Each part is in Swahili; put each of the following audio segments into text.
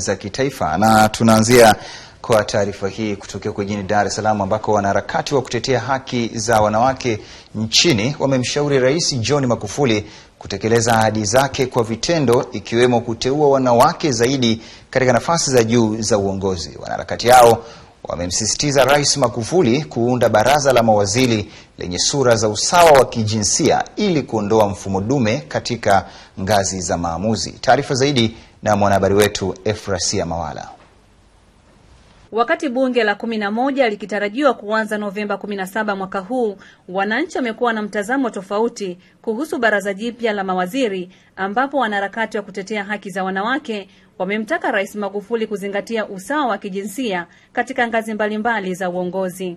za kitaifa na tunaanzia kwa taarifa hii kutokea huko Dar es Salaam ambako wanaharakati wa kutetea haki za wanawake nchini wamemshauri Rais John Magufuli kutekeleza ahadi zake kwa vitendo ikiwemo kuteua wanawake zaidi katika nafasi za juu za uongozi. Wanaharakati hao wamemsisitiza Rais Magufuli kuunda baraza la mawaziri lenye sura za usawa wa kijinsia ili kuondoa mfumo dume katika ngazi za maamuzi. Taarifa zaidi na mwanahabari wetu Efrasia Mawala. Wakati bunge la 11 likitarajiwa kuanza Novemba 17 mwaka huu, wananchi wamekuwa na mtazamo tofauti kuhusu baraza jipya la mawaziri, ambapo wanaharakati wa kutetea haki za wanawake wamemtaka Rais Magufuli kuzingatia usawa wa kijinsia katika ngazi mbalimbali za uongozi.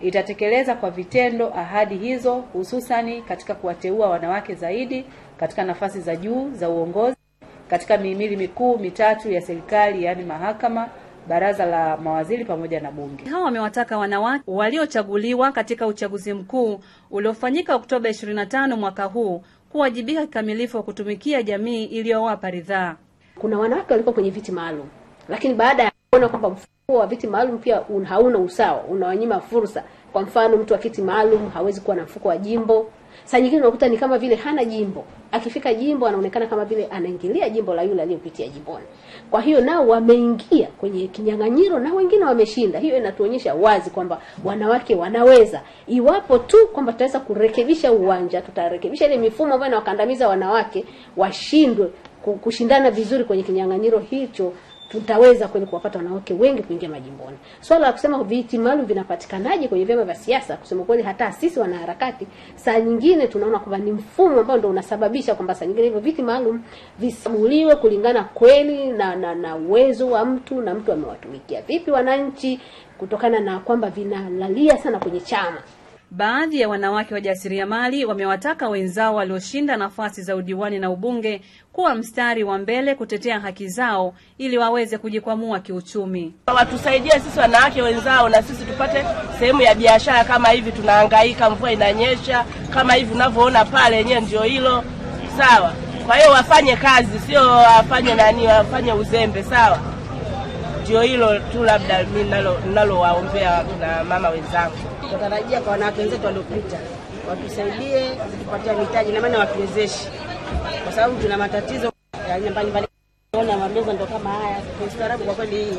itatekeleza kwa vitendo ahadi hizo, hususani katika kuwateua wanawake zaidi katika nafasi za juu za uongozi katika mihimili mikuu mitatu ya serikali, yaani mahakama, baraza la mawaziri pamoja na bunge. Hawa wamewataka wanawake waliochaguliwa katika uchaguzi mkuu uliofanyika Oktoba 25 mwaka huu kuwajibika kikamilifu kutumikia jamii iliyowapa ridhaa. Kuna wanawake walikuwa kwenye viti maalum, lakini baada ya kuona kwamba wa viti maalum pia un, hauna usawa, unawanyima fursa. Kwa mfano, mtu wa kiti maalum hawezi kuwa na mfuko wa jimbo. Saa nyingine unakuta ni kama vile hana jimbo, akifika jimbo anaonekana kama vile anaingilia jimbo la yule aliyopitia jimboni. Kwa hiyo nao wameingia kwenye kinyang'anyiro na wengine wameshinda. Hiyo inatuonyesha wazi kwamba wanawake wanaweza, iwapo tu kwamba tutaweza kurekebisha uwanja, tutarekebisha ile mifumo ambayo inawakandamiza wanawake washindwe kushindana vizuri kwenye kinyang'anyiro hicho tutaweza kweli kuwapata wanawake wengi kuingia majimboni. Swala la kusema viti maalum vinapatikanaje kwenye vyama vya siasa, kusema kweli, hata sisi wanaharakati saa nyingine tunaona kwamba ni mfumo ambao ndio unasababisha kwamba saa nyingine hivyo viti maalum visaguliwe kulingana kweli na na na uwezo wa mtu na mtu amewatumikia vipi wananchi, kutokana na kwamba vinalalia sana kwenye chama. Baadhi ya wanawake wajasiriamali wamewataka wenzao walioshinda nafasi za udiwani na ubunge kuwa mstari wa mbele kutetea haki zao ili waweze kujikwamua kiuchumi. Watusaidie sisi wanawake wenzao, na sisi tupate sehemu ya biashara. Kama hivi tunahangaika, mvua inanyesha kama hivi unavyoona pale, yenyewe ndio hilo. Sawa, kwa hiyo wafanye kazi, sio wafanye nani, wafanye uzembe. Sawa, ndio hilo tu labda mi nalo nalowaombea na mama wenzangu tunatarajia kwa wanawake wenzetu waliopita watusaidie kutupatia mitaji na maana watuwezeshe, kwa sababu tuna matatizo ya aina mbalimbali. Ona mameza ndo kama haya, ustaarabu kwa kweli hii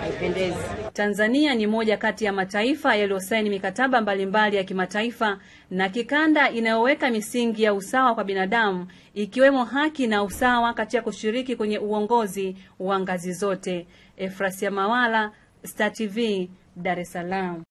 haipendezi. Tanzania ni moja kati ya mataifa yaliyosaini mikataba mbalimbali mbali ya kimataifa na kikanda inayoweka misingi ya usawa kwa binadamu ikiwemo haki na usawa kati ya kushiriki kwenye uongozi wa ngazi zote. Efrasia Mawala, Star TV, Dar es Salaam.